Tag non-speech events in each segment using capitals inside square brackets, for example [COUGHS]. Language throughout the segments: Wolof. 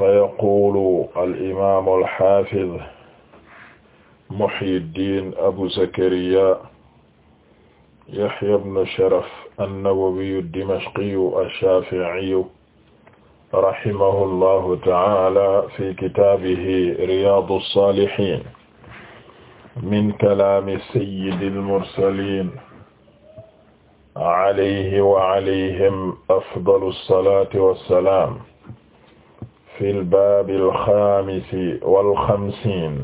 fa yaqulu al'imamu alxaafid muhyiddin abu zakariya yahya bnu sharaf annawawiyu dimashqiyu alshaaficiyu rahimahu llahu ta'ala fi kitaabihi riyaadu saalihiin min kalaami sayyidil mursaliin alayhi wa alayhim afdalu salaati wa salaam fi lbaabi alxaamisi walxamsiin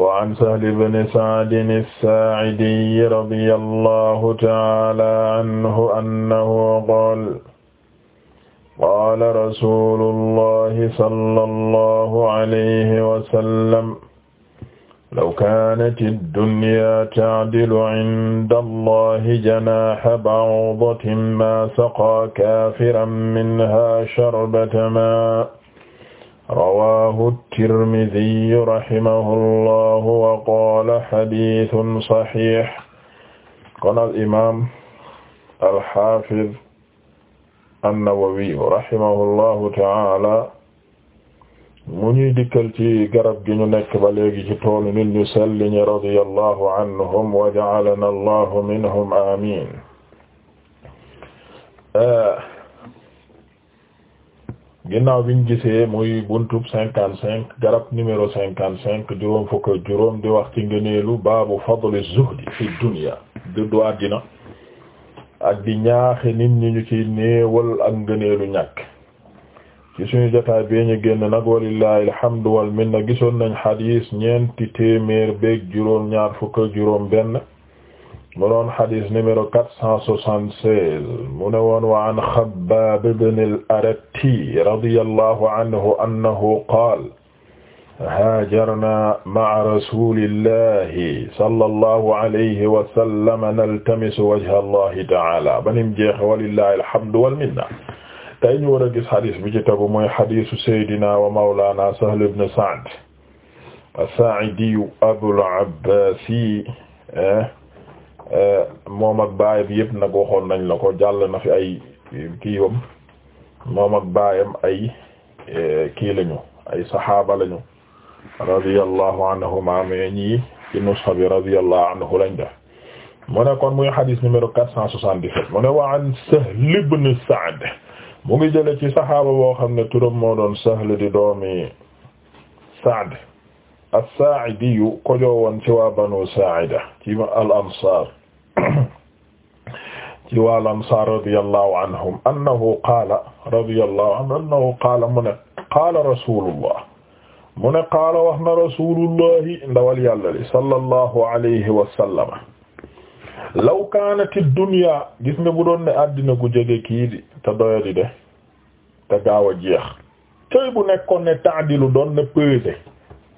wa an sahli bni saadin as-saacidiy radiya allahu taala anhu annahu qaala qaala rasuulu allahi sallallahu alayhi wa sallam law kaanati dunyaa ta'dilu inda allahi janaaha ba'udatin maa saqaa kaafiran minhaa sharbata maa rawaahu tirmiziyu rahimahullahu wa qaala hadiisun saxiix kon al imaam al xaafiz an-nawawi rahimahullahu ta'aala mu ñuy dikkal ci garab gi ñu nekk ba léegi ci toolu nit ñu selli ñi radiyallahu anhum wa ja'alana allahu minhum amin eh, ginnaaw biñ gisee muy buntub cinquante cinq garab numéro cinquante cinq juróom fukk juróom di wax ci ngëneelu baabu fadli zuhdi fi dunya dëddu àddina ak di ñaaxe nit ñi ñu ci néewal ak ngëneelu ñàkk ci suñu jotaay bi ñu génn nag walillahi alhamdu wal minna gisoon nañ xadis ñeenti téeméer beeg juróom ñaar fukk ak juróom benn mu doon xadis numéro quatre cent soixante-seize mu ne woon wa an Xabbaab ibn al-Aratti radiyallahu anhu annahu qaala haajarnaa ma'a rasuulillahi sallallahu alayhi wa sallam naltamisu wajha Allahi ta'aala banim jeex walillahi alhamdu wal minna tey ñu war a bu xadis bi ci tegu mooy xadisu saydina wa mawlana Sahl ibn Sa'd as-Sa'idi Abul Abbaas eh, eh, moom ak baayam yëpp nag waxoon nañ la ko jàll na fi ay kiiwam moom baayam ay eh, kii lañu ay saxaaba lañu radiyallahu anhuma mais ñii ci nusxa bi radiyallahu anhu lañ def mu ne kon muy xadis numéro quatre cent soixante mu ne wa an ibn Sa'd mu ngi jële ci saxaaba boo xam ne turam moo doon Sahl di doomi Sa'd as-Saa'idi ko joowoon ci waa Banu Saa'ida ci al-Ansaar ci waa al-Ansaar radiyallahu anhum annahu qaala radiyallahu anhu annahu qaala mu ne qaala rasulullah mu ne qaala wax na rasulullahi ndawal yàlla li sallallahu alayhi wa law kaanati dunya gis nga bu doon ne àddina gu jege kii di doyadi de te gaaw a jeex tey bu nekkoon ne taadilu doon na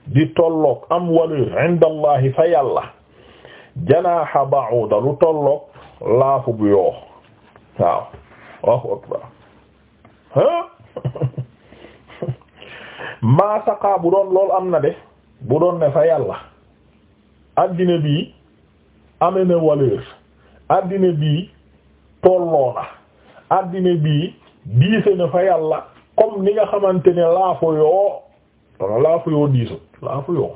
di tolloog am walu indallahi fa yàlla janaaxa ba'uda lu tolloog laafu bu yoo waaw [LAUGHS] maa saqaa bu doon loolu am na de bu doon fa yàlla àddina bii amee na valeur bii tolloo na addina bii diise na fa yàlla comme ni nga xamante ne laafu yoo wala laafu yoo diisu laafu yoo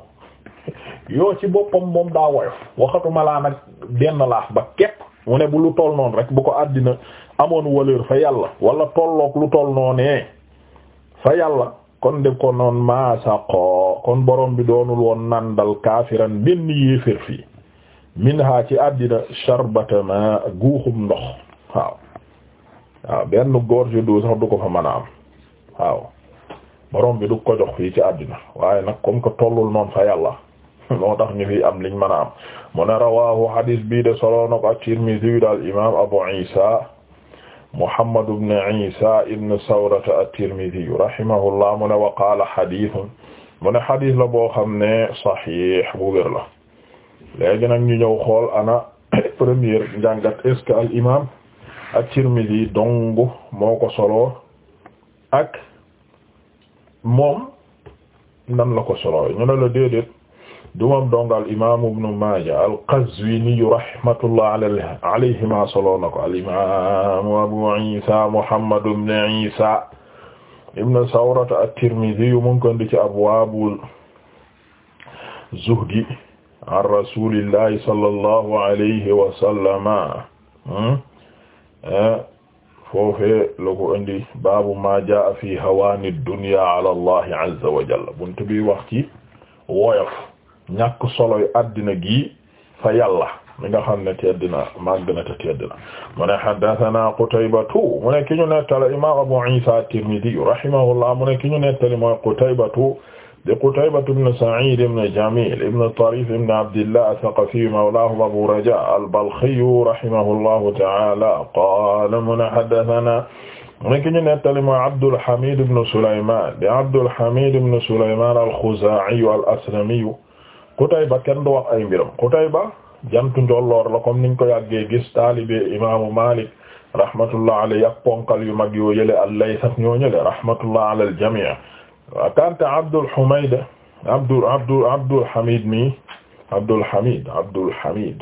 yoo ci boppam moom daa woyof waxatuma laa nag benn laaf ba képp mu ne bu lu toll rek bu ko àddina amoon valeur fa yàlla wala tolloog lu toll noonee fa yàlla kon def ko noon maasa ko kon borom bi doonul woon nandal kaafiran benn yéeféer fii minha ci àddina charbata ma guuxum ndox waaw waaw benn gorge d'eau sax du ko fa mën a am waaw borom bi du ko jox fii ci àddina waaye nag comme que tollul noonu fa yàlla [LAUGHS] moo tax ñu fi am liñ mën a am mu ne rawahu hadis bii de solo na ko at-Tirmidhi daal imam Abu Isa Muhammad ibn Isa ibn Sawrata at-Tirmidhi rahimahullah mu ne wa qaala hadithun mu ne hadis la boo xam ne sahih bu wér la léegi nag ñu ñëw xool ana [COUGHS] première njàngat est-ce que al imam at moo ko solo ak moom nan la ko solo ñu ne la déedéet du moom dong al imam Ibn Maaja al-Qazwini rahmatullah alayhima soloo na ko al imam Abu Isa Muhammad zuhdi an rasulillahi sallallahu alayhi wa sallama hmm? eh? foofee la ko indi baabu ma jaa fi hawaani dunya ala allahi azza wa jalla buntu bi wax ci woyof ñàkk soloy addina gi fa yàlla mi nga xam ne tedd na màgg na te tedd na mu ne haddathana Qutaybatu mu ne ki ñu nettali imam Abu Isa at-Tirmidhi rahimahullah mu ne ki ñu nettali mooy Qutaybatu di Qutayba ibn Sa'id ibn Jamil ibn Tarif ibn Abdillah ath-Thaqafi mawlahum Abu Raja al-Balkhi rahimahullahu ta'ala qala mun haddathana nekk ñu nettali mooy Abdul Hamid ibn Sulayman di Abdul Hamid ibn Sulayman al-Khuza'i al-Aslami Qutayba kenn du wax ay mbiram Qutayba jantu njolloor la comme niñ ko yàggee gis taalibe imaamu Malik rahmatullah alayhi ak ponkal yu mag yoo yële al-Layth ñoo ñële rahmatullah ala al-jami' kanta Abdul Humayd Abdul Abdul Abdul Hamid mi Abdul Hamid Abdul Hamid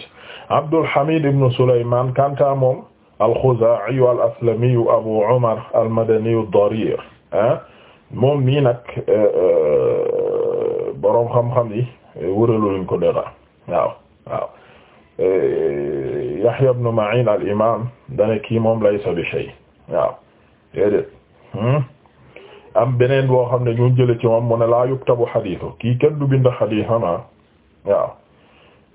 Abdul Hamid ibn Sulaymaan kanta moom al-Khuzaa'i al-Aslami Abu Umar al-Madani ad-Darir ah moom mii nag euh, euh, boroom xam-xam yi euh, wëralu lañ ko dara waaw waaw Yahya ibn Ma'in al-Imam dana kii moom laysa bi shay waaw déedéet hmm? am beneen boo xam ne ñu jële ci moom mu ne laa yuktabu xadiisu kii kenn du bind xadiisam ah, waaw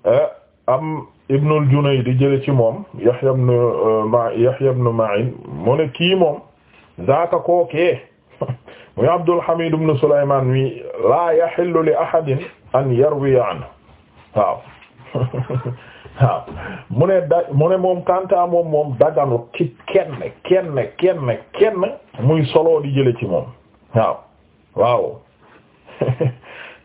eh, am Ibnul Junayd di jële ci moom Yahya ibn eh, ma Yahya ibn Ma'in mu ne kii moom zaaka kookee [LAUGHS] muy Abdul Hamid ibn Sulaymaan mi laa yaxillu li ahadin an yarwiya anhu waaw [LAUGHS] waaw ne da mu ne moom kanta moom moom daganu ci kenn kenn kenn kenn muy solo di jële ci moom waaw waaw [LAUGHS]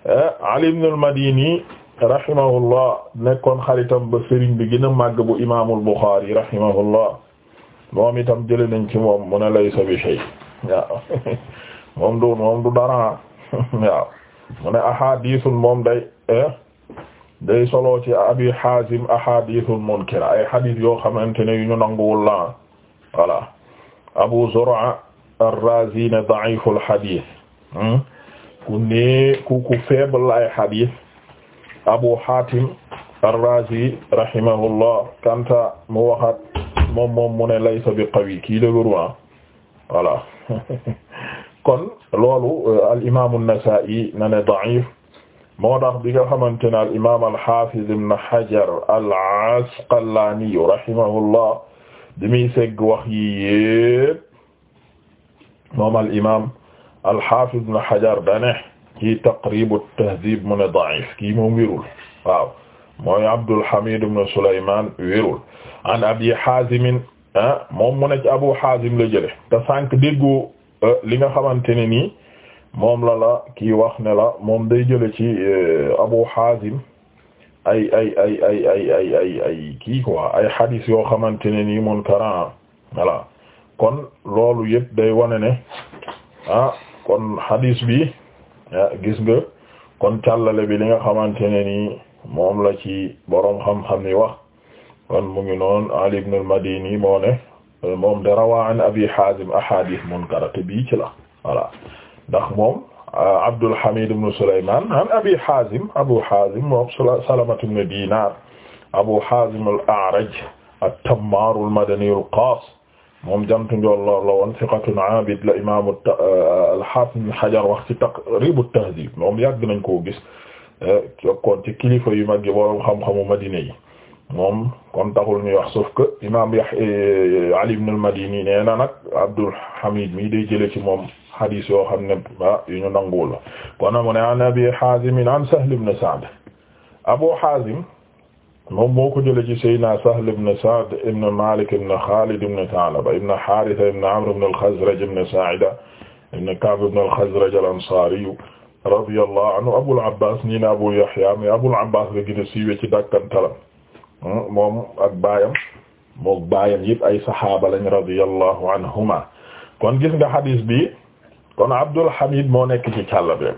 Ali ibn al-Madini rahimahullah nekkoon xaritam ba sëriñ bi gën a màgg bu imaamul Buxaari rahimahullah moom itam jëlee nañ ci moom mu ne laysa bi shay waaw [LAUGHS] moom du moom du [LAUGHS] mu ne ahadiisun moom day eh, day solo ci Abi Haazim ahadiisun munkira ay xadiis yoo xamante ne yu ñu nanguwul la voilà Abu Zur'a ar-Razi ne da'iful hadith hmm? ku ne ku ku faible ay hadith Abu Hatim ar-Razi rahimahullah kanta mu waxaat moom moom mu ne laysa bi qawi kii dëgëruwaa ah. voilà [LAUGHS] kon loolu euh, al imam an-Nasa'i na ne da'if moo tax bi nga xamante ne al imam al-Hafiz ibn Hajar al-Asqalani rahimahullah di muy segg wax yi yépp moom al imaam al haafiz ibn Hajar dane ci Taqrib at-Tahdhib mu ne da'if kii moom wérul waaw mooy Abdul Hamid ibn Sulayman wérul an Abi Hazim ah, moom mu ne ci Abu Hazim la jële te sànq déggoo eh, li nga xamante ne nii moom la la kii wax ne la moom day jële ci eh, Abu Hazim ay ay ay ay ay ay ay ay kii quoi ay hadis yoo xamante ne nii munkara voilà kon loolu yëpp day wane ne ah kon hadis bi ah, gis nga kon càllale bi li nga xamante ne nii moom la ci boroom xam-xam ni wax kon mu ngi noon Ali ibn al-Madini moo ne moom de rawaa an Abi Hazim ahadith munkara te bii ci la voilà ndax moom ah, Abdul Hamid ibn Sulayman an Abi Hazim Abu Hazim moom Salamatu ibn Dinar Abu Hazim al-A'raj at madani al-Qas moom jamtu njool lool la woon siqatun abid la imaamu euh, al-Hafiz Hajar wax ci Taqrib at-Tahdhib moom yàgg nañ koo gis euh, jokkoon ci kilifa yu mag yi boroom xam-xamu Madina yi moom kon taxul ñuy wax sauf que imaam Yahya euh, Ali ibn al-Madini nee na nag Abdul Hamid mi day jële ci moom hadis yoo xam ne ah yu ñu nanguwul la kon mu ne an Abi Hazim an Sahl ibn Sa'd Abu Hazim moom moo ko jëlee ci Seydina Sahl ibn Sa'd ibn Malik ibn Khalid ibn Tha'laba ibn Haritha ibn Amr ibn al-Khazraj ibn Sa'ida ibn Ka'b ibn al-Khazraj al-Ansari radiyallahu anhu Abul Abbas ñi Abu Yahya mais Abul Abbas la gën hmm, moom ak baayam mook baayam yëpp ay saxaaba lañ radiyallahu anhuma kon gis nga hadis bi kon Abdul Hamid moo nekk ci càll bi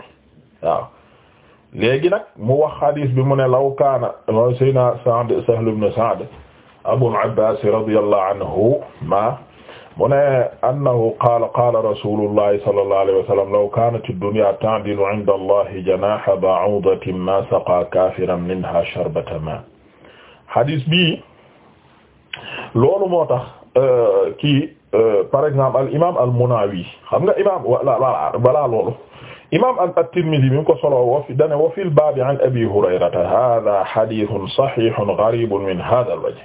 léegi nag mu wax xadiis bi mu ne law kaana mooy sayna Sa'd Sahl ibn Sa'd Abul Abbaas radiyallahu anhu ma mu ne annahu qaala qaala rasuulullahi sallallahu alayhi wa sallam law kaanati dunyaa ta'dilu 'inda Allahi janaaha ba'uudatin maa saqaa kaafiran minhaa sharbata maa xadiis bi loolu moo tax kii par exemple al imaam al Munaawi xam nga imaam wala wala loolu imaam at-Tirmidhi mi ngi ko solo woo fi dana wa fil baabi an Abi Hurayrata haaza hadiisun sahiihun gariibun min haazal wajh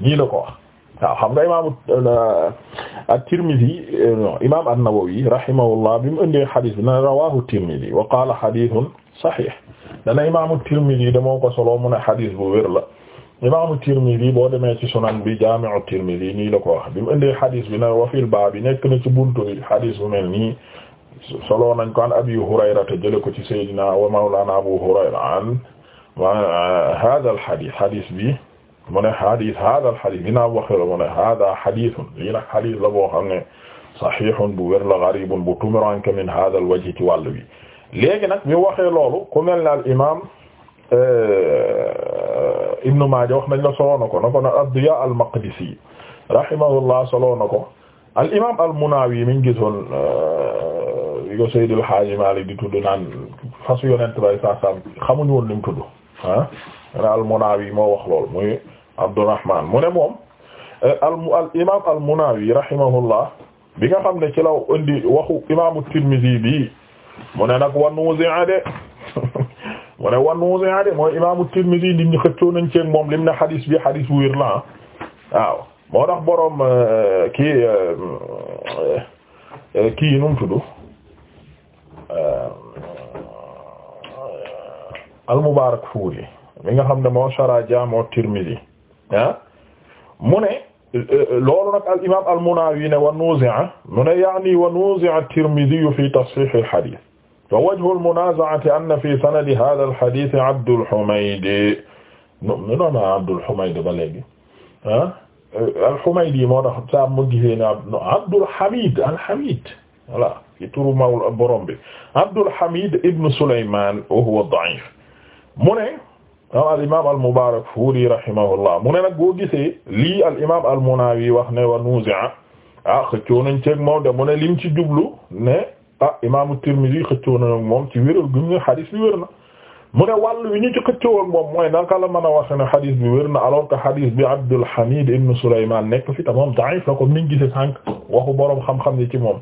nii la ko wax waaw xam nga imaam euh, at-Tirmidhi euh, imaam an-Nawawi rahimahullah bi mu indee xadis bi dana rawaahu at-Tirmidhi wa qaala hadiisun sahiih dana imaam at-Tirmidhi damoo ko solo mu ne xadis bu wér la imaam at-Tirmidhi boo demee ci sunan bi jaami'u at-Tirmidhi nii la ko wax bi mu indee xadis bi nag wa fil baabi nekk na ci buntu bi xadis bu mel nii. solo nañ ko an Abi Hurayra te jële ko ci Seydina wa mawlana Abu Hurayra an wa hada al hadith hadith bi mu ne hadith hada al hadith dinaa wax la mu ne hada hadithun lii nag hadith la boo xam ne sahihun bu wér la gharibun bu tumuranke min hada al wajhi ci wàll bi léegi nag mi waxee loolu ku mel ne al imam euh, Ibn Maaja wax nañ la soloo na ko na ko nag ad-Diyaa al-Maqdisi rahimahullah soloo na ko al imam al-Munawi mi ngi gisoon euh, li ko Seydil Haaji Maalik di tudd naan fasu yonent bay sasam xamuñu woon ni mu tudd ah na al-Munawi moo wax lool muy Abdurrahman mu ne moom eh, al imam al-Munawi bi nga xam ne ci law indi waxu imaamu Tirmizi bi mu ne nag wan wuzi'a de [LAUGHS] mu ne wan wuzi'a de mooy imaamu Tirmizi nit nañ ceeg moom lim ne xadis bi xadis bu wér la ah. waaw moo tax boroom eh, kii eh, kii nu mu tudd Euh, euh, al-Mubarak Fuuri mi nga xam ne moo shara Jaami Tirmidi ah mu ne euh, loolu nag al imaam al-Munawi ne wa nuzi'a mu ne ya'ni wa nuzi'a Tirmidi fi tasxiix al-xadiis wa wajhu al-munaaza'ati anna fi sanadi haadha al-xadiis Abdul Humayd nu noona Abdul Humayd ba léegi ah al-Humaydi moo tax saa mu gisee ne Abdul Hamid al-Hamid voilà. ci turu mawl borom bi Abdul Hamid ibn Sulayman wa huwa da'if mu ne ah, al imam al Mubarak Furi rahimahullah mu ne nag boo gisee lii al imam al Munawi wax ne wa nuzi'a ah xëccoo nañ ceeg moom de mu ne lim ci jublu ne ah imaamu Tirmidhi xëccoo nañ ak moom ci wéral gum ñu xadis bi wér na mu ne wàll wi ñu ci xëccoo ak moom mooy naka la mën a waxe ne xadis bi wér na alors que xadis bi Abdul Hamid ibn Sulayman nekk fi ta moom da'if la comme niñ gisee sànq waxu boroom xam-xam ni ci moom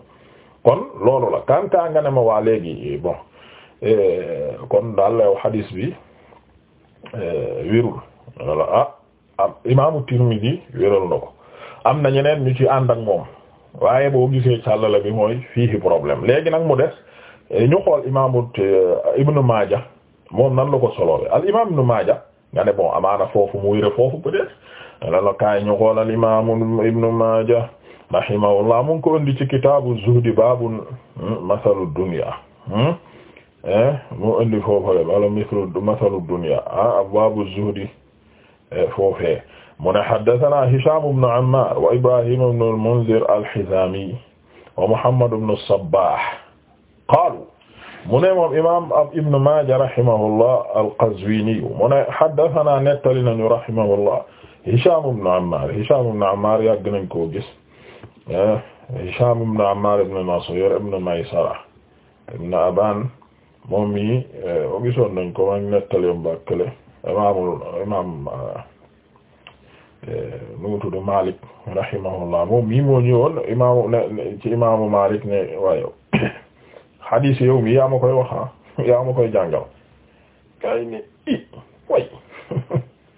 kon loolu la kanta nga ne ma waa léegi bon eh, kon daal law xadiis bi eh, wérul wala ah ah imaamu Tirmidi wéral na ko am na ñeneen ñu ci ànd ak moom waaye boo gisee càllale bi mooy fii problème léegi nag mu des eh, ñu xool imaamu Ibnu Maaja moom nan la ko soloowe al imaam nu Maaja nga ne bon amaana foofu mu wére foofu peut-être la kaay ñu xool al Ibnu Maaja rahimahullah mu ngi ko indi ci kitaabu zuhdi baabun hmm, masalu dunya hmm? eh, mu indi foofale wala mislu masalu dunya ah abwaabu zuhdi eh, foofee mu ne haddathana Hisham ibn Ammar wa Ibrahim ibn al-Munzir al-Hizami wa Muhammad ibn as-Sabbah qaalu mu ne moom imaam Ibn Maaja rahimahullah al-Qazwini mu ne haddathana nettali nañu rahimahullah Hisham ibn Ammar Hisham ibn Ammar yàgg nañ koo gis Eh, Hisham ibn Ammar ibn Mas'ud ibn Maysara ibn Aban moom mi eh, gisoon nañ ko ma nettali bakkale imaamul imaam eh, nu tudd Malik rahimahullah moom mi moo ñëwoon imaamu ne ci imaamu Malik ne waaye hadis yow [COUGHS] yaa ma koy wax ah, yaa ma koy jàngal kay ni i way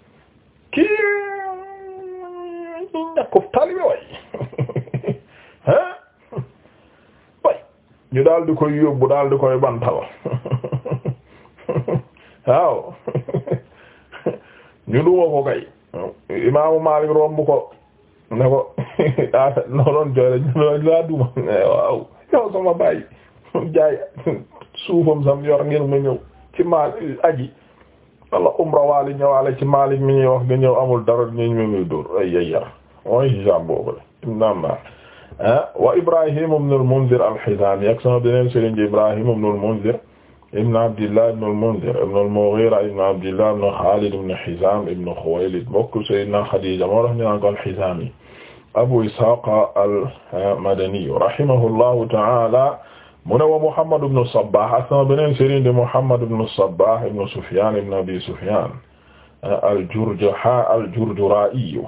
[LAUGHS] kii ñàkkub taalibe way ñu daal di koy yóbbu daal di koy bantal waaw [LAUGHS] ñu duma ko kay imaamu Maalik romb ko ne ko [LAUGHS] ah noonu jooy rek ñu laa duma waaw yow sama bàyyi jaay suufam sam yor ngir mu ñëw ci maal aji walla umra waali ñëwaale ci Maalik mi ñuy wax nga ñëw amul dara ñu ñu muy dóor ay yar mooy jambo ko de wa Ibrahim ibn al-Mundhir al-Hizami ak sama beneen sëriñ ji Ibrahim ibn al-Mundhir ibn Abdillah ibn al-Mundhir ibn al-Mughira ibn Abdillah ibn Khalid ibn Hizam ibn Khuwaylid mbokk Sayyidina Khadija moo tax ñu naan ko al-Hizami Abu Ishaq al-Madani rahimahullahu ta'ala mu ne wa Muhammad ibn Sabbah ak sama beneen sëriñ di Muhammad ibn Sabbah ibn Sufyan ibn Abi Sufyan al-Jurjaha al-Jurjura'i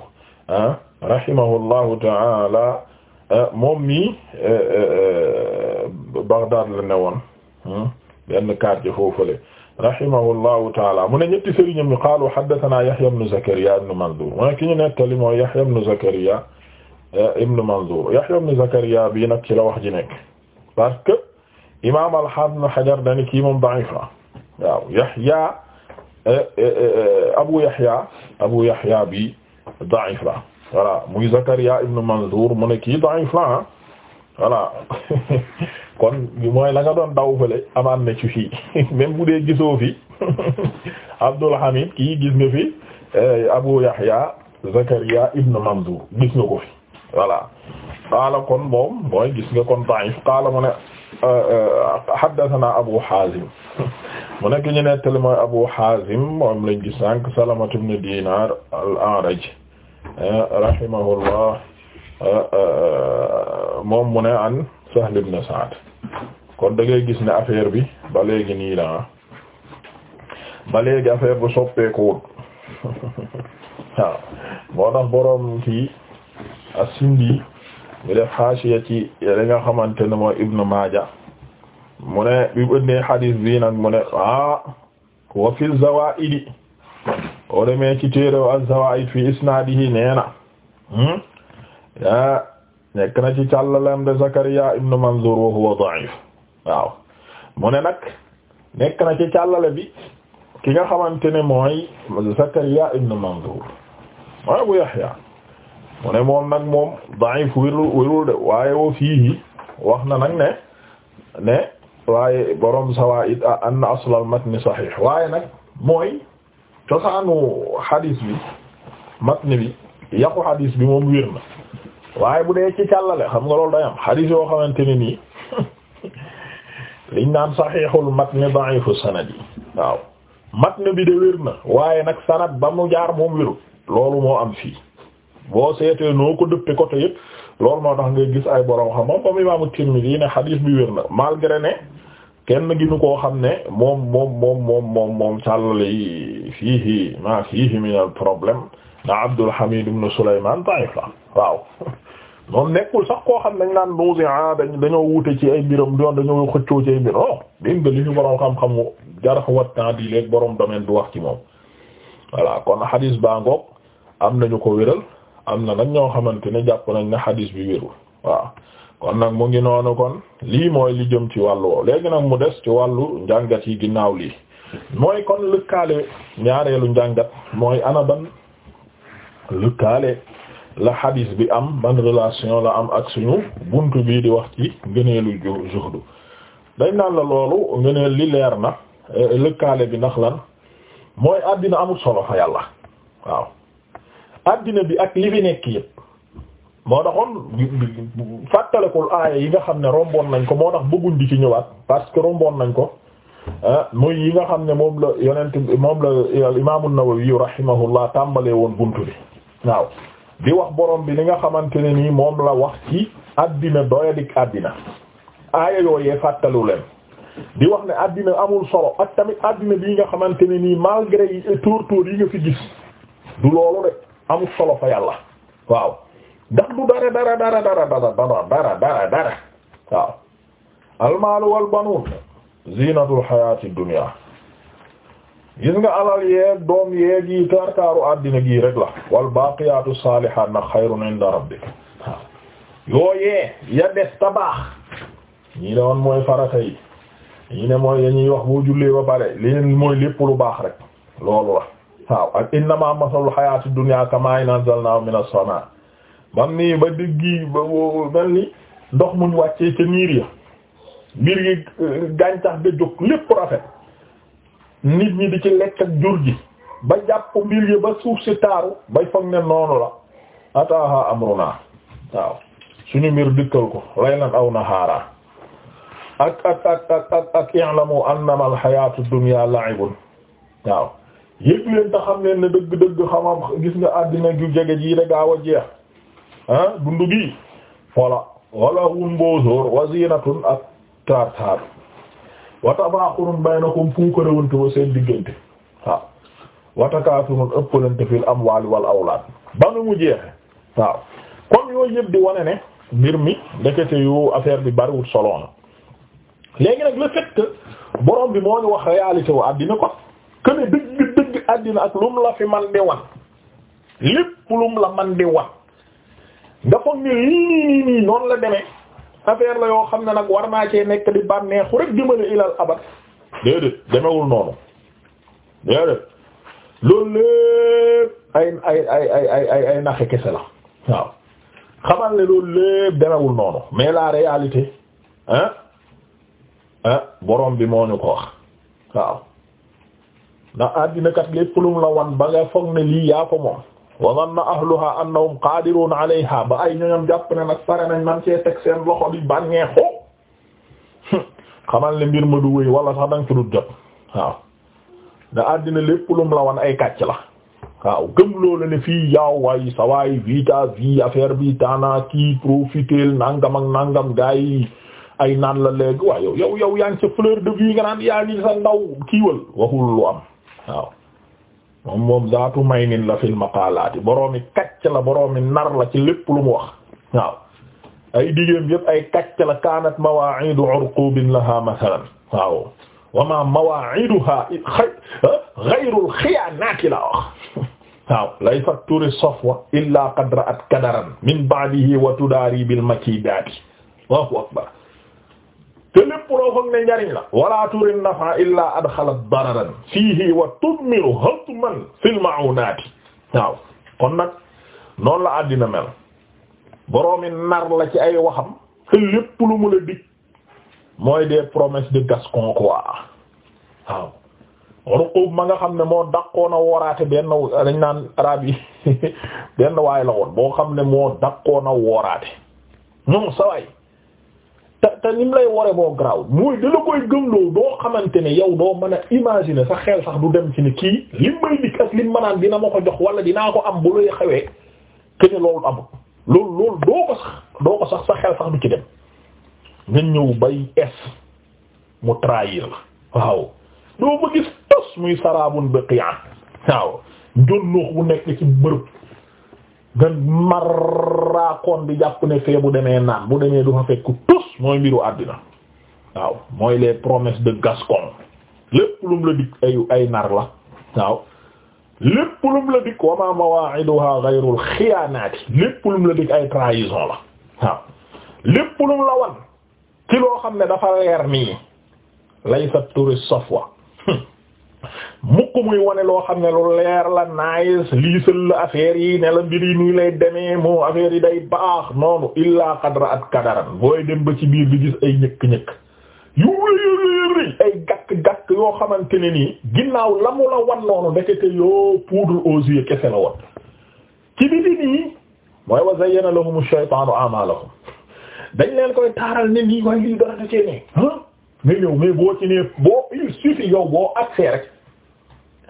rahimahullahu ta'ala Euh, moom mii euh, euh, Baghdad la ne woon hmm? benn quartier foofule rahimahullahu taala mu ne ñetti sëriñam ñu qaalu haddathana Yahya ibn Zakariya ibn Manzur mu ne ki ñu nettali mooy Yahya ibn Zakariya ibn Manzur Yahya ibn Zakariya bii nag ci la wax ji nekk parce que imaam al-Hafiz Ibn Hajar dani kii moom da'if la waaw Yahya Abu Yahya Abu Yahya bi da'if la voilà muy Zakariya ibn Manzur mu ne kii da'if la ah. voilà [LAUGHS] kon mooy la nga doon daw fële amaan na ci fii [LAUGHS] même bu dee gisoo fi [LAUGHS] Abdul Hamid kii gis nga fi eh, Abu Yahya Zakariya ibn Manzur gis nga ko fi voilà qaala kon moom mooy gis nga kon da'if qaala mu ne eh, eh, Abu Hazim mu nekk ñu nettali mooy Abu Hazim moom lañ gis sànq Salamatu ibn Dinar al-A'raj rahimahullah euh, euh, moom mu ne an Sahl ibn Sa'd kon da gis ne affaire bi ba léegi nii la ba léegi affaire bu soppeekuwul [LAUGHS] waaw moo tax boroom kii as-Sindi mi def xaasiya ci li nga xamante ne mooy Ibn Maaja mu ne bi mu ëndee xadiis mu ne ah wa fi zawaa'idi o demee ci téerew az-Zawaa'id fi isnaadihi neena yaa hmm? ah, nekk na ci càllalam de Zakariya ibn Manzur wa huwa da'if waaw mu nekk na ci càllale bi ki nga xamante ne mooy Zakariya ibn Manzur mooy Abu Yahya mu moom nag moom da'if wérul wérul fiihi wax na nag ne ne waaye borom Zawaa'id ah, anna aslal matni sahih waaye nag mooy cosaanu xadiis bi matn bi yàqu xadiis bi moom wér na waaye bu dee ci càllale xam nga loolu day am xadiis yoo xamante ne nii liñ naan saxiixul matn da'ifu sanad yi waaw matn bi de wér na waaye nag sanad ba mu jaar moom wérul loolu moo am fii boo seetee noo ko dëppee côté yëpp loolu moo tax ngay gis ay borom xam moom comme imaamu wér na malgré ne kenn gi koo xam ne moom moom moom moom moom moom càllale yi fiihi ma fiihi mi al problème na Abdul Hamid ibn Sulayman da'if la waaw moom nekkul sax koo xam dañ naan dosi a ah, dañ dañoo wute ci ay mbiram doon dañoo xëccoo ci ay mbir o dégg nga li fi boroom xam-xamu jaraf wattan di léeg boroom domaine du wax ci moom voilà kon hadis baa ngoog am nañu ko wéral am na nag ñoo xamante ne jàpp nañ ne hadis bi wérul waaw kon nag mu ngi noonu kon lii mooy li jëm ci wàllu woow léegi nag mu des ci wàllu njàngat yi ginnaaw lii mooy kon lëkkaale ñaareelu njàngat mooy ana ban lëkkaale la hadis bi am ban relation la am ak suñu buntu bii di wax ci ngëneelu zuhdu dañ naan la loolu ngëneel li leer na eh, lëkkaale bi nax lan mooy àddina amul solo fa yàlla waaw àddina bi ak li fi nekk yëpp moo taxoon fàttalikul aaya yi nga xam ne romboon nañ ko moo tax bëgguñ di ci ñëwaat parce que romboon nañ ko Ah muy yi nga xam ne moom la yonent moom la imaamu Nawawi rahimahullah tàmbalee woon bunt bi waaw di wax boroom bi li nga xamante ne nii moom la wax ci addina doyadik addina aaya yooyee fàttalu leen di wax ne àddina amul solo ak tamit àddina bii nga xamante ne nii malgré yi tóor-tóor yi nga fi gis du loolu rek amul solo fa yàlla waaw ndax du dara dara dara dara dara dara waaw almaalu wal zinatul xayaati nga alal yeeg doom yeeg yi tarkaaru àddina gii rek la wal baaqiyaatu saalihaat nag xayrun inda rabbik waaw yooyee ya des ta baax mooy farata yi ñii ne mooy yañuy wax boo jullee ba pare leen mooy lépp lu baax rek loolu la waaw ak innama masalul xayaati dunya kamaa'in anzalnaahu minas samaa bam nii ba diggi ba mel ni ndox muñ wàccee ca niir ya mbir yi euh, gàncax ga jóg lépp rafet nit ñi di ci lekk ak jur ji ba jàpp mbir yi ba suuf si taaru bay foog ne noonu la ataaha amruna waaw suñu mbir dikkal ko laylan aw nahaara ak ak ak ak ak ak i'lamu annama al-hayatu dunya la'ibun waaw yëg leen xam leen ne dëgg-dëgg xamam gis nga àddina ju jege ji da gaaw a jeex ah dundu gi voilà wala wun mboo sóor wa ak taar taar wa tabaaxurun baynakum fuukarewante wa seen diggante waaw wa takaasurun ëppalante fil amwaali wal awlaad ba nu mu jeexe waaw comme yooyu yëpp di wane ne mbir mi ndekete yu affaire bi bariwul solo na nag le fait que bi moo ñu wax réalité àddina ko que dëgg dëgg àddina ak lu mu la fi man di wan lépp lu mu la man di wan nga foog ni nii nii noonu la demee. affaire la yoo xam ne nag war naa cee nekk di bànneexu rek jëmale ilal abat déedéet demewul noonu déedéet loolu lépp ay ay ay ay ay ay naxe kese la waaw xamal ne loolu lépp demewul noonu mais la réalité hein hein borom bi moo ñu ko wax waaw ndax àddina kat lépp lu la wan ba nga foog ne lii yaa ko moom wa zanna ahluha annahum qadiruuna alayha ba ay ñoñom jàpp ne nag pare nañ man cee teg seen loxo di bànneexoo [LAUGHS] xamal ne mbir ma du wéy wala sax danga ci jot waaw da àddina lépp lum la wan ay kàcc la waaw gëm loola ne fii yaaw waay sa waay vita vie affaire bi taana kii profitel nangam ak nangam gaa ay naan la léegi waaw yow yow yow yaa ngi sa fleur de vie nga yaa ngi sa ndaw kiiwal waxul lu am waaw moom moom zaatu maynin la fil maqaalaati boroomi kàcc la boroomi nar la ci lépp lu mu wax waaw ay digéem yëpp ay kàcc la kaanat mawaa'idu urqubin laha mathalan waaw wa ma mawaa'iduha ghayrul xiyaanaati la wax [LAUGHS] waaw lay fatturi safwa illa qad ra'at kadaran min ba'dihi wa tudaari bil makiidaati Allahu akbar te lépp loo foog ne njariñ la wala turin nafa illa adxala dararan fiihi wa tudmiru hatman fil ma'unati waaw kon nag noonu la àddina mel boroomi nar la ci ay waxam te lépp lu mu la dig mooy des promesses de gascon quoi waaw ruqub ma nga xam ne moo daqoon a wooraate benn dañ naan arab [LAUGHS] benn waay la woon boo xam ne moo daqoon a wooraate ñoom sawaay te te ni mu lay ware boo garaaw mooy da la koy gëmloo doo xamante ne yow doo man a imaginer sa xel sax du dem ci ne kii lim may dikk ak lim mënaan dina ma ko jox wala dinaa ko am bu lay xewee que ne loolu amul loolu loolu doo ko sax doo ko sax sa xel sax du ci dem nga ñëw bay es mu trahir la waaw doo ma gis tos muy saraabun baqi'a waaw njónnoox bu nekk ci bërëb nga marraakoon di jàpp ne fee bu demee naan bu demee du fa fekk tus mooy mbiru àddina waaw mooy les promesses de Gascon lépp lum la dikk ay nar la waaw lépp lum la dikk wa ma mawaa'iduha ghayrul xiyaanaati lépp lum la dikk ay trahison la waaw lépp lum la wan ci xam ne dafa leer nii laysat turi safwa mukk muy wane loo xam ne lu leer la naayis lii sël la affaire yi ne la mbir nii lay demee moo affaire yi day baax noonu illaa qadra at kadaran booy dem ba ci biir bi gis ay ñëkk-ñëkk yu wéy ay gàkk-gàkk yoo xamante ni nii ginnaaw la mu la wan noonu ndekete yoo poudre aux kese la woon ci bi di nii mooy wa zayyana lahum ash-shaytaanu a'maalahum dañ leen koy taaral ne lii waaye lii dara da cee ne ah, nga ñëw mais boo ci nee boo il suffit yow boo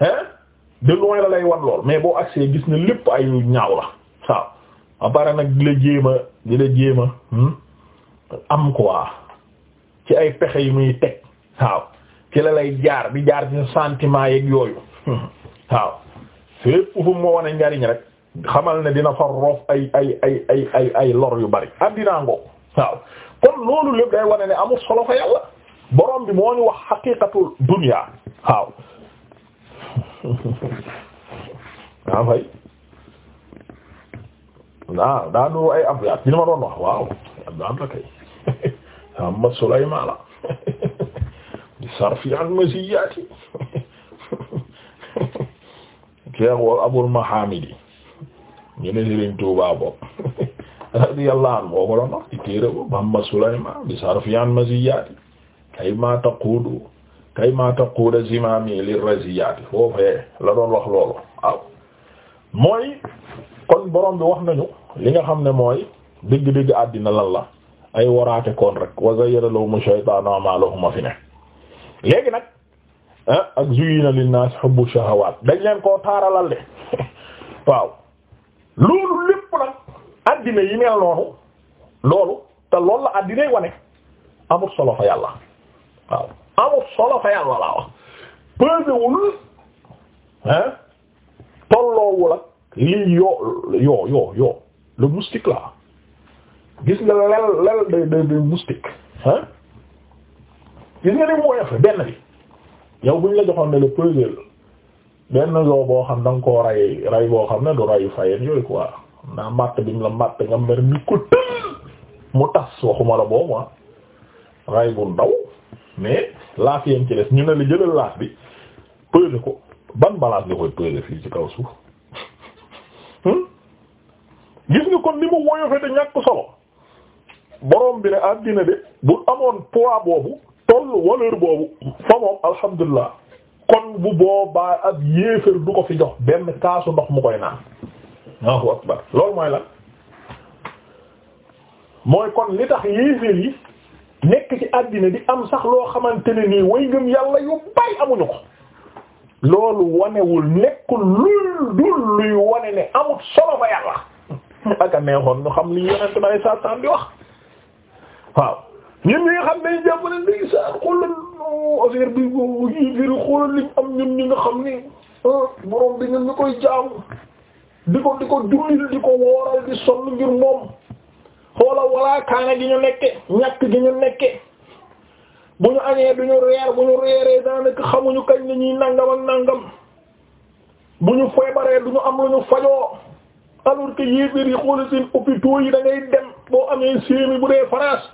hein de loin la lay wan lool mais boo agsee gis na lépp ay ñaaw la waaw apare nag di la jéema di la jéema hmm? am quoi ci ay pexe yu muy teg waaw ci la lay jaar bi jaar ci sentiment yeeg yooyu hmm. waaw fépp fu mu wane njariñ rek xamal ne dina fa roof ay ay ay ay ay lor yu bari addinaa ngoo waaw kon loolu lépp day wane ne amul solo fa yàlla borom bi moo ñu wax xaqiqatul dunya waaw Ah, daa fay daa daa nuru ay abyaat ci ma doon wax waaw abyaat la kay [LAUGHS] amma Sulaymaan la [LAUGHS] sarfi an masiyaati [LAUGHS] keex wa abul mahamidi ñu ne Sëriñ Tuubaa bopp radiyallahu anhu boo ko doon wax ci téere boobu amma Sulaymaan bi sarfi an masiyaati kay ma taquudu kay ma taquuda zimaami lirraziyaati la doon wax loolu waaw mooy kon borom bi wax nañu li nga xam ne mooy dégg dégg àddina lan la ay waraate koon rek wa zayyana lahum shaytaanu a'maalahum fi ne léegi nag ah, ak zuyyina linnaas hubbu shahawaat dañ leen koo taaralal de [LAUGHS] waaw loolu lépp nag àddina yi mel noonu loolu te lool la àddinay wane amul solo fa yàlla waaw amul solo fa yàlla laa wax pesewul hein ah, tolloowul ak lii yoo yoo yoo yoo le moustique la gis nga lel lel day day day moustique ah gis nga ni mu woyofe benn bi yow buñ la joxoon ne le pesel benn zoo boo xam da nga koo ray ray boo xam ne du rayu fayeen yooyu quoi naa matt bi mu la matt nga mer ni ko tël mu tas waxuma la boobu ah ray bu ndaw mais laas yeen ci des ñu ne la jëlal laas bi pesé ko ban balance nga koy peser fii ci kaw suuf hmm? gis nga kon ni mu woyofe ñàkk solo borom bi ne àddina de bu amoon poids boobu toll valeur boobu fa moom alhamdulilah kon bu boobaa ab yéefér du ko fi jox benn kaasu ndox mu koy naan Allahu akbar loolu mooy lan mooy kon li tax yéefér yi nekk ci àddina di am sax loo xamante ne way ngëm yàlla yu bari amuñu ko loolu wanewul nekkul lul dul luy wane ne amut solo ba yàlla aka neexoon ñu xam li yonente bi alei sat salaam di wax waaw ñun ñi xam ne jàpp ne day saan xoolal affaire bi am ñun ñi nga xam ni ah, borom bi ñun ñu koy jaamu di ko di ko jullil di ko wooral di sonn ngir moom xoola walaa kaana gi ñu nekke ñàkk gi ñu nekke bu ñu añee duñu reer bu ñu reeree daanaka xamuñu kañ ni ñuy nangam ak nangam bu ñu feebaree duñu am lu ñu fajoo alors que yéeféer yi xoolal seen hôpitaux yi da ngay dem boo amee séemi bu dee France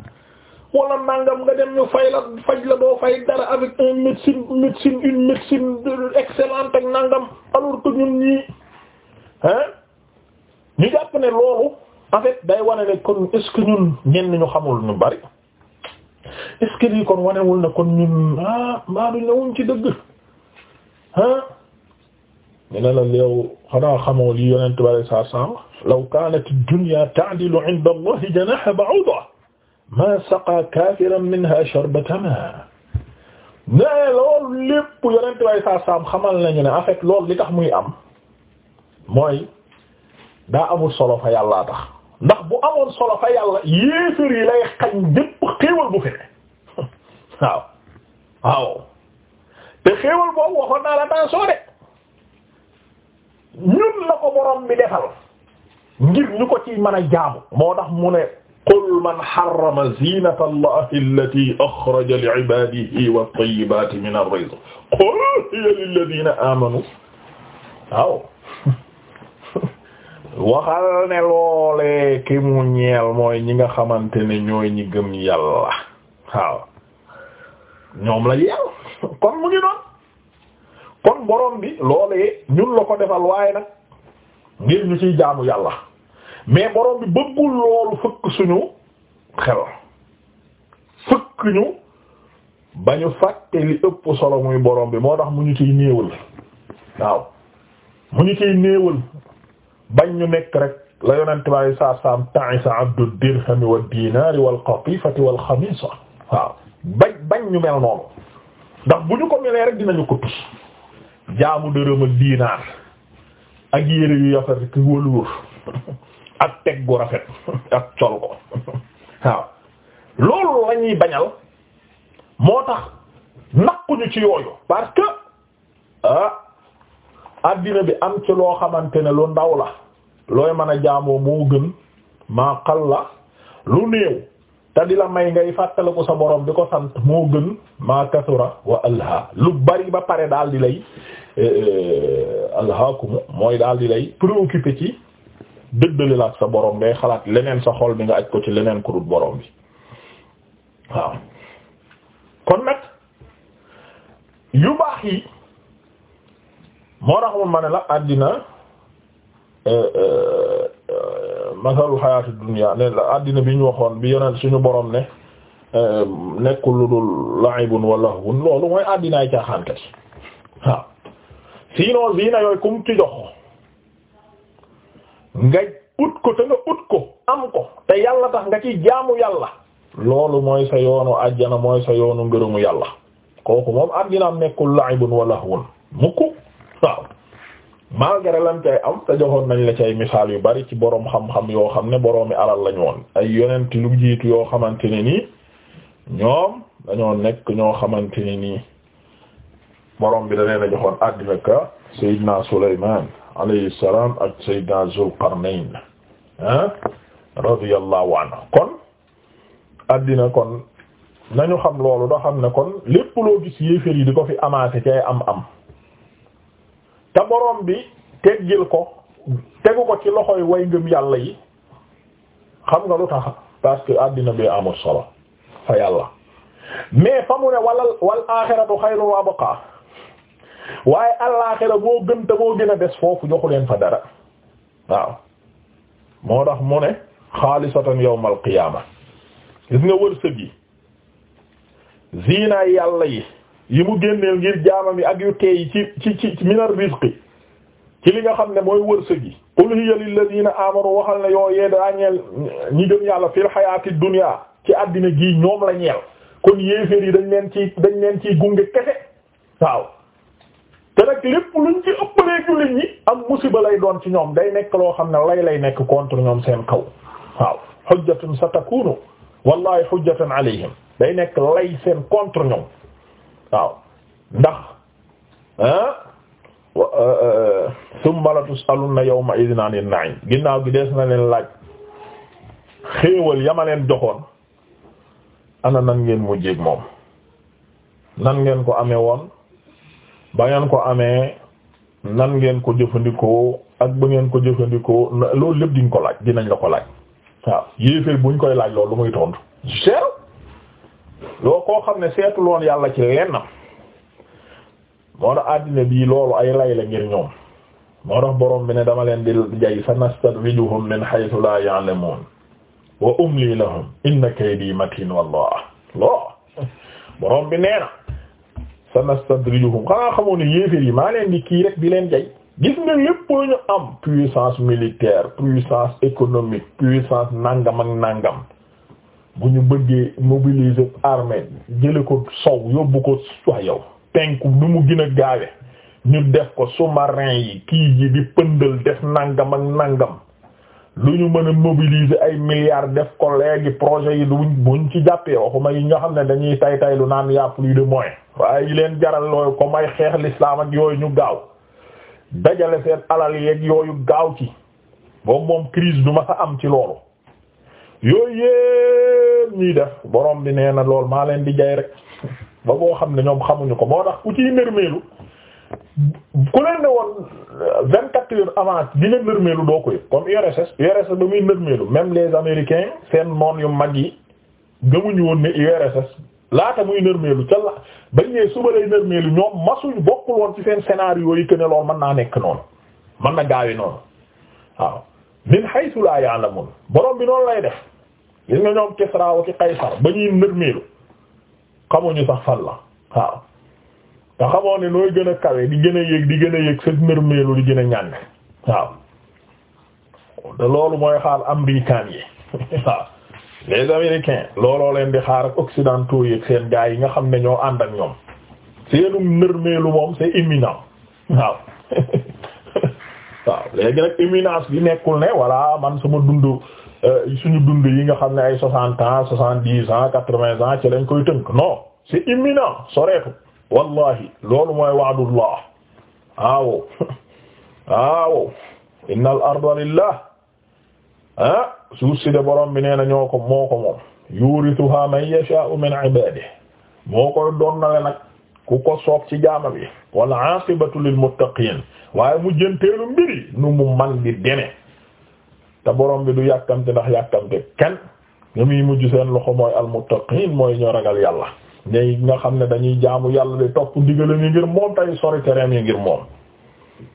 wala nangam nga dem ñu fay la faj la doo fay dara avec un médecine médecine une médecine excellente ak nangam alors que ñun ñii hein ñu jàpp ne loolu en fait day wane ne kon est-ce que ñun ñenn ñu xamul ñu bari est-ce que lii kon wanewul na kon ñun ah maa du ñëwuñ ci dëgg ah ñu ne la léew xanaa xamoo lii yonent bare saa sam law kanat ad-dunya ta'dilu 'inda Allah janaha ba'uda ma saqa kafiran minha sharbata ma ne loolu lépp yonent bare saa sam xamal nañu ne en fait loolu li tax muy am mooy daa amul solo fa yàllaa tax ndax bu amoon solo fa yàlla yéefar yi lay xañ jëpp xéewal bu fi ne [LAUGHS] waaw waaw te xéewal boobu waxoon naa la attention de ñun la ko borom bi defal ngir ñu ko ci mën a jaamu moo tax mu ne qul man harrama zinata allahi allati axraja li ibadihi wat-tayyibati min ar-rizq qul hiya lilladina amanu waaw [LAUGHS] waxal ne loolee ki mu ñeel mooy ñi nga xamante ne ñooy ñi gëm yàlla waaw ñoom la yell kon mu ngi noonu kon borom bi loolee ñun la ko defal waaye nag ngir ñu ciy jaamu yàlla mais borom bi bëggul loolu fëkk suñu xel fëkk ñu ba ñu fàtte li ëpp solo muy borom bi moo tax mu ñu ciy néewal waaw mu ñu ciy néewal bañ ñu nekk rek la yonent bi saa saam ta'isa abdu dirhami wa dinaari wal qatifati wal xamisa waaw bañ bañ ñu mel noonu ndax bu ñu ko melee rek dinañu ko tus jaamu dërëm ak dinaar ak yére yu yafet rek wëluwër [LAUGHS] ak teg gu rafet [LAUGHS] ak col ko [LAUGHS] waaw loolu la bañal moo tax naqquñu ci yooyu parce ah, addina bi am ci loo xamante ne lu ndaw la looy mën a jaamoo moo gën maa xal la lu néew te di la may ngay fàttaliku sa borom di ko sant moo gën maa kasura wa alha lu bari ba pare daal di lay eh, eh, alhaakum mooy daal di lay préoccupé ci dëddali la ak sa boroom ngay xalaat leneen sa xol bi nga aj ko ci leneen ku boroom borom bi waaw kon nag yu baax yi moo tax ma ne la àddina eh, eh, masalul xayaatu dunya ne la àddina bi ñu waxoon bi yonent suñu borom ne eh, nekkul lu dul la'ibun wa lahwun loolu mooy àddinaay caaxaankat waaw sinon bii na yooyu kum ci jox nga ut ko te nga ut ko am ko te yàlla tax nga ci jaamu yàlla loolu mooy sa yoonu àjjana mooy sa yoonu ngërëmu yàlla kooku moom àddinaam nekkul la'ibun wa lahwun mukk waaw malgré lan cay am te joxoon nañ la cay misaal yu bari ci boroom xam-xam yoo xam ne boroomi alal lañu woon ay yonent lu jiitu yoo xamante ne nii ñoom dañoo nekk ñoo xamante ne nii boroom bi da leen a joxoon àddina ka Seydina Sulaymaan alayhi salaam ak Seydina Zulqarnayn ah radiyallahu anhu kon àddina kon nañu xam loolu da xam ne kon lépp loo gis yéeféer yi di ko fi amaate ci ay am am te borom bi teggil ko tegu ko ci loxoy way ngëm yàlla yi xam nga lu tax parce que àddina bi amul solo fa yàlla mais fa mu ne wala wal aaxiratu xayrun wa abqaa waaye alaaxira boo gën te boo gën a des foofu joxu leen fa dara waaw moo tax mu ne xaalisatan yawmal qiyaama gis nga wërsëg yi ziinaay yàlla yi yi mu génneel ngir jaamam yi ak yu teey ci ci ci minar rizqi ci li nga xam ne mooy wërsëg yi qul hiya lilladina amanu waxal ne yoo yee daa ñeel ñi gëm yàlla fil hayati dunya ci àddina gii ñoom la ñeel kon yéeféer yi dañ leen ci dañ leen ciy gunge kese waaw te nag lépp luñ ci ëppalee jullit ñi am musiba lay doon ci ñoom day nekk loo xam ne lay lay nekk contre ñoom seen kaw waaw hujjatun satakunu wallahi hujjatun alayhim day nekk lay seen contre ñoom waaw ndax ah thumma ah, ah, ah, la tusalunna yawma idhin 'anil na'im ginnaaw gi des na leen laaj xéewal yamaleen leen joxoon ana na ngeen mujjee ak moom nan ngeen ko amee woon ba ngeen ko amee nan ngeen ko jëfandikoo ak ba ngeen ko jëfandikoo loolu lépp diñ ko laaj dinañ la ko laaj waaw yéeféer buñ koy laaj loolu lu muy tontu cher loo koo xam ne seetul woon yàlla ci lennam moo tax àddina bii loolu ay lay la ngir ñoom moo tax borom bi ne dama leen di jay sa nastadrijuhum min haythu la ya'lamun wa umli lahum inna kaydi matin wallah loo borom bi nee na sa nastadrijuhum xanaa xamoon ne yéefér yi maa leen di kii rek di leen jay gis nga lépp ñu am puissance militaire puissance économique puissance nangam ak nangam bu ñu bëggee mobiliser armée jële ko sow yóbbu ko wax yow penku nu mu gën a gaawe ñu def ko sous-marin yi kii yi di pëndal def nangam ak nangam lu ñu mën a mobiliser ay milliards def ko léegi projet yi duñ buñ ci jàppee waxuma yi ñoo xam ne dañuy tay tay lu naan y'a plus de moyens waaye yi leen jaral looyu comme ay xeex lislaam ak yooyu ñu gaaw dajale seen alal yeeg yooyu gaaw ci boobu moom crise du ma sa am ci loolu yooyu yëpp ñuy def boroom bi nee na lool maa leen di jay rek [LAUGHS] ba boo xam ne ñoom xamuñu ko moo tax ku ciy nërmeelu ku leen ne woon vingt quatre heures avant dina nërmeelu doo ko yëg comme URSS URSS ba muy nërmeelu même les américains seen noon yu mag yi gëmuñu woon ne URSS laata muy nërmeelu ca la bañ ne suba lay nërmeelu ñoom masuñu bokkul woon ci seen scénario yi que ne lool mën naa nekk noonu mën na gaawi noonu waaw min haythu la ya'lamun borom bi noonu lay gis nga ñoom Kisra wa ki Qaysar ba ñuy nërmeelu xamuñu sax fan la waaw te xamoo ne nooy gën a kawe di gën a yéeg di gën a yéeg sax nërmeelu di gën a ñàng waaw te loolu mooy xaal américain yi [LAUGHS] waaw les américains looloo leen di xaar ak occidentaux seen gaa yi nga xam ne ñoo ànd ak ñoom seenum nërmeelu moom c'est imminent waaw [LAUGHS] waaw nag imminence bi nekkul ne voilà man sama dund Euh, suñu dund yi nga xam ne ay soixante ans soixante dix ans lañ koy tënk noo c'est imminent soreetu wallahi loolu mooy wa'dullah waaw [LAUGHS] waaw innal arda lillah ah suuf si de borom bi nee na ñoo ko moo ko moom yurithuha man yasha'u min ibadihi moo koy doon nale nag ku ko soob ci jaama bi wal aqibatu lil muttaqin waaye mu jënteelu mbiri nu mu man di deme te boroom bi du yàkkamte ndax yàkkamte kenn nga muy mujj seen loxo mooy almuttaqiin mooy ñoo ragal yàlla nga xam ne dañuy jaamu yàlla de topp ndigal yi ngir moom tey sori yi ngir moom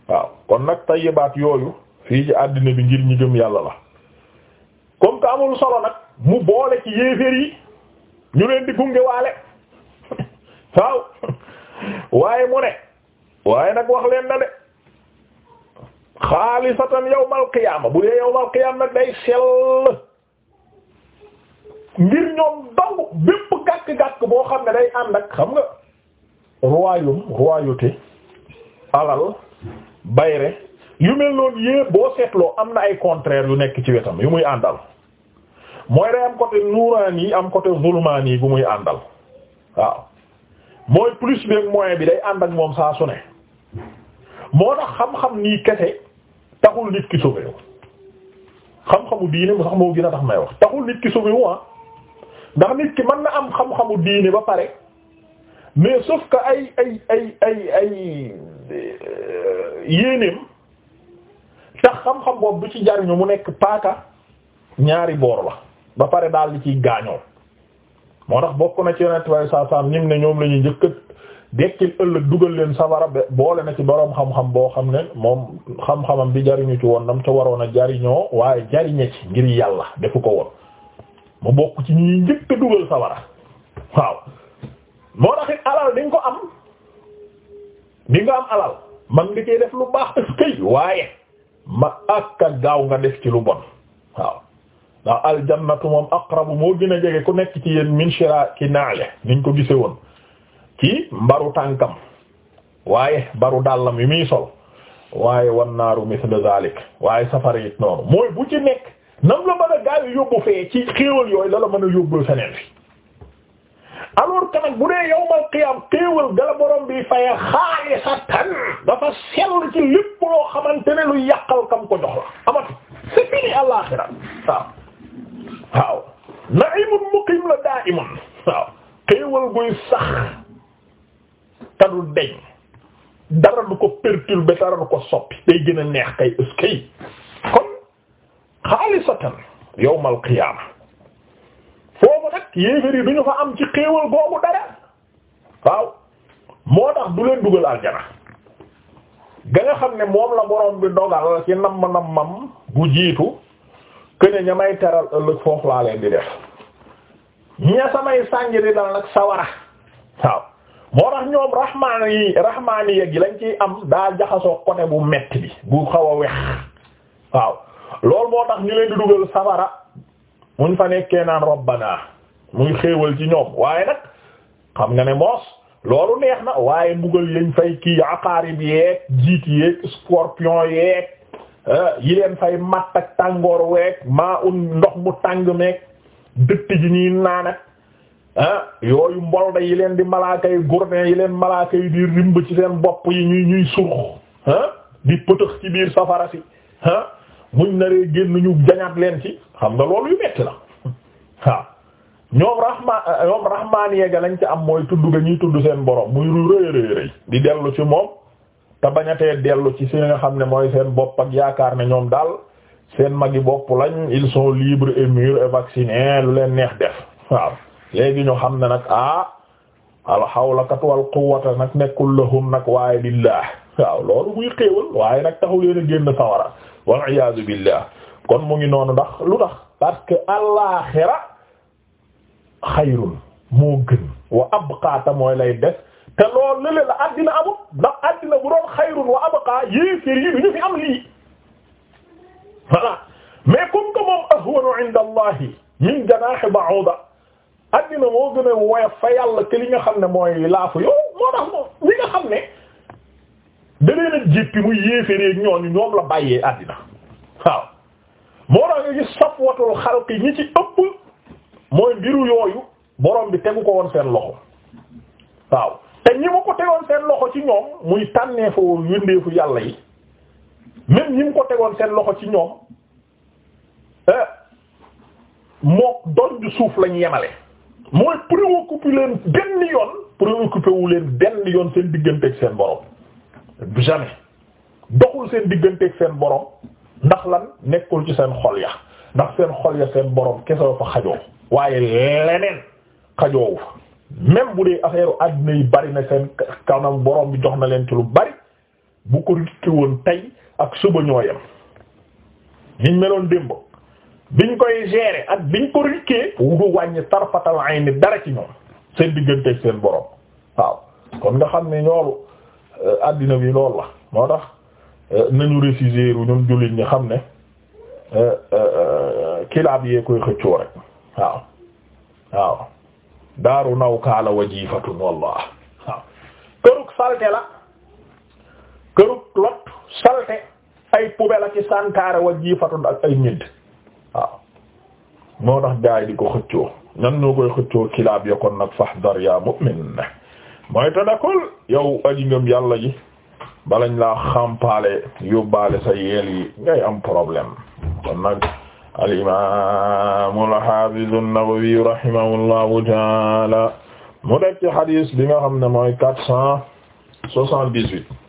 waaw kon nag tayyibaat yooyu fii ci àddina bi ngir ñu gëm yàlla la comme que amul solo nag mu boole ci yéeféer yi ñu leen di gunge waale [LAUGHS] [LAUGHS] waaye mu ne waaye nag wax leen na de xaalisatan yawmal qiyaama bu dee yawmal qiyaama nag day sell ngir ñoom dong bépp gàkk-gàkk boo xam ne day ànd ak xam nga royaume royauté alal bayre yu mel noonu yépp boo seetloo am na ay contraire yu nekk ci wetam yu muy àndal mooy day am côté nuuraan yi am côté zulmaan yi bu muy àndal waaw mooy plus beeg moyen bi day ànd ak moom saa su ne moo tax xam-xam nii kese taxul nit ki sauvé wu xam-xamu diine mu sax moo gën a tax may wax taxul nit ki sauvé wu ah. ndax nit ki mën na am xam-xamu diine ba pare mais sauf que ay ay ay ay ay euh, tax xam-xam boobu bu ci jariñu mu nekk paaka ñaari boor la ba pare daal di ciy gaañoo moo tax bokk na ci yonent bi sallallahu alayhi wasallam ñim ne ñoom la ñuy njëkk dekkil ëllëg dugal leen safara boole na ci boroom xam-xam boo xam ne moom xam-xamam bi jariñu ci woon dam ca waroon a jariñoo waaye jariñe ci ngir yàlla defu ko woon mu bokk ci ñi njëkk dugal safara waaw moo taxit alal di ko am di nga am alal man nga koy def lu baax ëskay waaye ma akka gaaw nga def ci lu bon waaw ndax aljannatu moom aqrabu moo gën a jege ku nekk ci yéen min shira ki naale niñ ko gise woon ci mbaru tànkam waaye mbaru dàllam yi muy sol waaye wan naaru misle zalik waaye safara it mooy bu ci nekk nam la mën a gaaw yóbbu ci xéewal yooyu la la mën a yóbbu feneen fi alors que nag bu gala borom bi faye xaalisatan dafa sell ci lépp loo xamante ne lu yàqal kam ko jox la amatu c'est fini àlaxira waaw waaw la daa'imun waaw guy sax te du deñ dara du ko perturber dara du ko soppi day gën a neex kay ëskay kon xaalisatan yawmal qiyaama foofu nag yéefér yi du ñu fa am ci xéewal googu dara waaw moo tax du leen dugal aljana ga nga xam ne moom la borom bi dogal ci nam nam mam bu jiitu këne ña may teral ëllëg foofu laa leen di def ña samay sànj dal nag sawara waaw moo tax ñoom rahmaan yi rahmaan yi gi lañ ciy am daa jaxasoo côté bu metti bi bu xaw a wex waaw loolu moo tax ñu leen di dugal safara muñ fa nekkee naan rabbana muy xéewal ci ñoom waaye nag xam nga ne moos loolu neex na waaye mbugal yañ fay kii aqaarib yeeg jiit yeeg scorpion yeeg eh, yi leen fay matt ak tàngoor weeg maa un ndox mu tàng meeg dëtt ji ñuy naan ak ah yooyu mbolda yi leen di malaaka yi yi leen malaaka yi di rimb ci seen bopp yi ñuy ñuy surux ah di pëtëx ci biir safara si ah muñ naree génn ñu jañaat leen ci xam nga loolu yu metti la [LAUGHS] waaw ñoom rahma ñoom rahmaan yeega lañ ci am mooy tudd nga ñuy tudd seen borom muy rëy rëy rëy di dellu ci moom te bañatee dellu ci si nga xam ne mooy seen bopp ak yaakaar ne ñoom daal seen magi bopp lañ ils sont libres et et vaccinés lu leen neex d waaw léegi ñu xam ne nag ah alxawlakat wal quwwata nag nekkul lahum nag waaye billah waaw loolu muy xéewal waaye nag taxu leen a génn sawara wal iyaazu billah kon mu ngi noonu ndax lu tax parce que alaaxira xayrun moo gën wa abqaata mooy lay def te loolu la addina amul ndax addina bu doon xayrun wa abqaa yéeféer yi du ñu fi am lii voilà mais comme que moom ahwanu inda allahi min janaahi ba'uda addina moo gën a woyof fa yàlla te li nga xam ne mooy laafu yow moo tax moom li nga xam ne da leen a jéppi muy yéefereeg ñooñu ñoom la bàyyee àddina waaw moo tax nga gis safwatul xalqi ñi ci ëpp mooy mbiru yooyu borom bi tegu ko woon seen loxo waaw te ñi ma ko tegoon seen loxo ci ñoom muy tànneefu yàlla yi même ñi mu ko tegoon seen loxo ci ñoom eh, mook doon suuf lañu yemale mooy préoccupé leen benn yoon préoccupé wu leen benn yoon seen digganteeg seen borom jamais doxul seen digganteeg seen borom ndax lan nekkul ci seen xol ya ndax seen xol ya seen boroom kesoo fa waaye leneen xajoowu fa même bu dee affaire àddina yi bari na seen kanam borom bi jox na leen ci lu bari bu ko rikki woon tey ak suba ñoo yem niñ meloon démb biñ koy gérer ak biñ ko rikkee wudu wàññi tarfatal ayni dara ci ñoom seen digganteeg seen borom waaw kon nga xam ne ñoolu euh, addina bi loolu la moo tax euh, nañu réciser wu ñun jullit ñi xam ne euh, kilaab yee koy xëccoo rek waaw waaw daaru nawkaala wajifatun wallah waaw kërug salte la kërug lot salte ay poubelle ak i santaare wajifatun ak ay ñidd moo tax gaa di ko xëccoo ñan ñoo koy xëccoo kilaab ya nag fahdar ya mu'min mooy tadakul yow aji ngëm yàlla ji balañ laa xampaale yóbbaale sa yeel yi am problème kon nag al imam al hafiz an-Nawawi taala mu def ci bi nga xam ne mooy quatre cent soixante-dix-huit